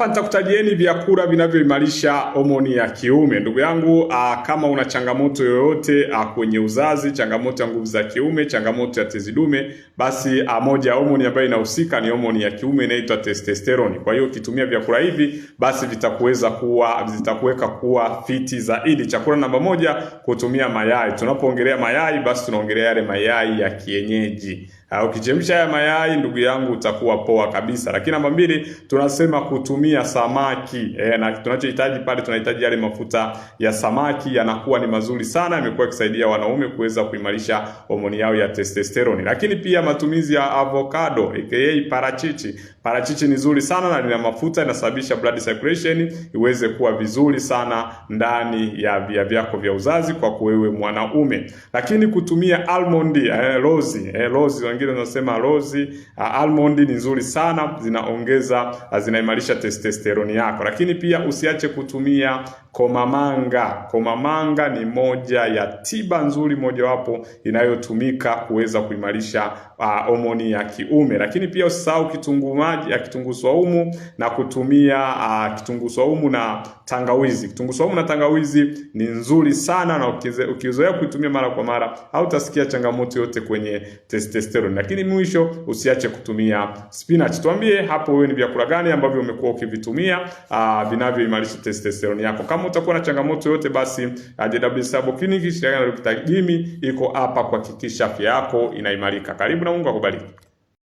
Hapa nitakutajieni vyakula vinavyoimarisha homoni ya kiume. Ndugu yangu, ah, kama una changamoto yoyote ah, kwenye uzazi, changamoto ya nguvu za kiume, changamoto ya tezi dume, basi ah, moja ya homoni ambayo inahusika ni homoni ya kiume inaitwa testosterone. Kwa hiyo ukitumia vyakula hivi, basi vitakuweza kuwa vitakuweka kuwa fiti zaidi. Chakula namba moja, kutumia mayai. Tunapoongelea mayai, basi tunaongelea yale mayai ya kienyeji. Ah, ukichemsha haya mayai ndugu yangu utakuwa poa kabisa. Lakini namba mbili tunasema kutumia samaki e, na tunachohitaji pale tunahitaji yale mafuta ya samaki yanakuwa ni mazuri sana, yamekuwa yakisaidia wanaume kuweza kuimarisha homoni yao ya testosterone. Lakini pia matumizi ya avocado aka parachichi Parachichi ni zuri sana na lina mafuta, inasababisha blood circulation iweze kuwa vizuri sana ndani ya via vyako vya uzazi kwa kuwewe mwanaume. Lakini kutumia almond eh, rose eh, rose wengine wanasema rose ah, almond ni nzuri sana, zinaongeza ah, zinaimarisha testosterone yako, lakini pia usiache kutumia komamanga. Komamanga ni moja ya tiba nzuri mojawapo inayotumika kuweza kuimarisha ah, homoni uh, ya kiume, lakini pia usisahau kitunguu maji ya kitunguu saumu na kutumia uh, kitunguu saumu na tangawizi. Kitunguu saumu na tangawizi ni nzuri sana, na ukizoea kuitumia mara kwa mara hautasikia changamoto yote kwenye testosterone. Lakini mwisho, usiache kutumia spinach. Tuambie hapo wewe ni vyakula gani ambavyo umekuwa ukivitumia uh, vinavyoimarisha testosterone yako. Kama utakuwa na changamoto yote, basi ah, JW Sabo Clinic shirika na Dr. Jimmy iko hapa kuhakikisha afya yako inaimarika. Karibu na Mungu akubariki.